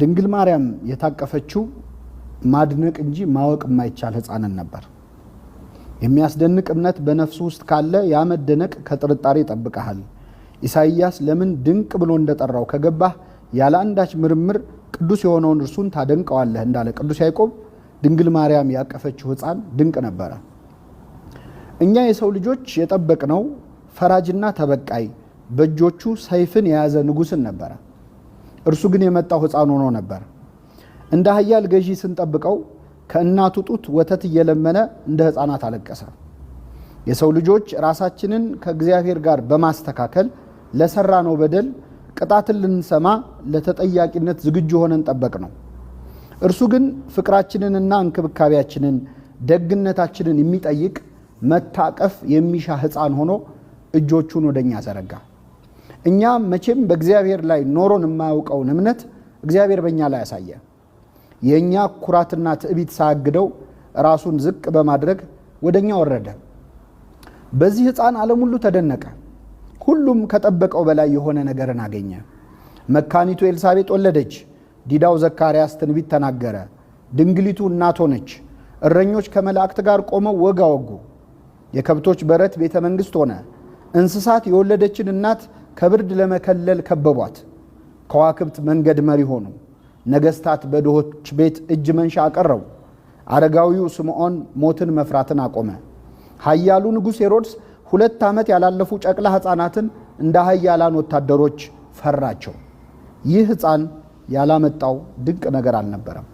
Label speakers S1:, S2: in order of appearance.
S1: ድንግል ማርያም የታቀፈችው ማድነቅ እንጂ ማወቅ የማይቻል ህፃንን ነበር። የሚያስደንቅ እምነት በነፍሱ ውስጥ ካለ ያ መደነቅ ከጥርጣሬ ይጠብቀሃል። ኢሳይያስ ለምን ድንቅ ብሎ እንደጠራው ከገባህ ያለ አንዳች ምርምር ቅዱስ የሆነውን እርሱን ታደንቀዋለህ እንዳለ ቅዱስ ያዕቆብ ድንግል ማርያም ያቀፈችው ህፃን ድንቅ ነበረ። እኛ የሰው ልጆች የጠበቅነው ፈራጅና ተበቃይ በእጆቹ ሰይፍን የያዘ ንጉስን ነበረ። እርሱ ግን የመጣው ሕፃን ሆኖ ነበር። እንደ ኃያል ገዢ ስንጠብቀው ከእናቱ ጡት ወተት እየለመነ እንደ ሕፃናት አለቀሰ። የሰው ልጆች ራሳችንን ከእግዚአብሔር ጋር በማስተካከል ለሰራ ነው በደል ቅጣትን ልንሰማ ለተጠያቂነት ዝግጁ ሆነን ጠበቅ ነው። እርሱ ግን ፍቅራችንንና እንክብካቤያችንን ደግነታችንን የሚጠይቅ መታቀፍ የሚሻ ሕፃን ሆኖ እጆቹን ወደኛ ዘረጋ። እኛ መቼም በእግዚአብሔር ላይ ኖሮን የማያውቀውን እምነት እግዚአብሔር በእኛ ላይ አሳየ። የእኛ ኩራትና ትዕቢት ሳያግደው ራሱን ዝቅ በማድረግ ወደ እኛ ወረደ። በዚህ ሕፃን ዓለም ሁሉ ተደነቀ። ሁሉም ከጠበቀው በላይ የሆነ ነገርን አገኘ። መካኒቱ ኤልሳቤጥ ወለደች። ዲዳው ዘካርያስ ትንቢት ተናገረ። ድንግሊቱ እናት ሆነች። እረኞች ከመላእክት ጋር ቆመው ወግ አወጉ። የከብቶች በረት ቤተ መንግሥት ሆነ። እንስሳት የወለደችን እናት ከብርድ ለመከለል ከበቧት። ከዋክብት መንገድ መሪ ሆኑ። ነገሥታት በድሆች ቤት እጅ መንሻ አቀረቡ። አረጋዊው ስምዖን ሞትን መፍራትን አቆመ። ኃያሉ ንጉሥ ሄሮድስ ሁለት ዓመት ያላለፉ ጨቅላ ሕፃናትን እንደ ኃያላን ወታደሮች ፈራቸው። ይህ ሕፃን ያላመጣው ድንቅ ነገር አልነበረም።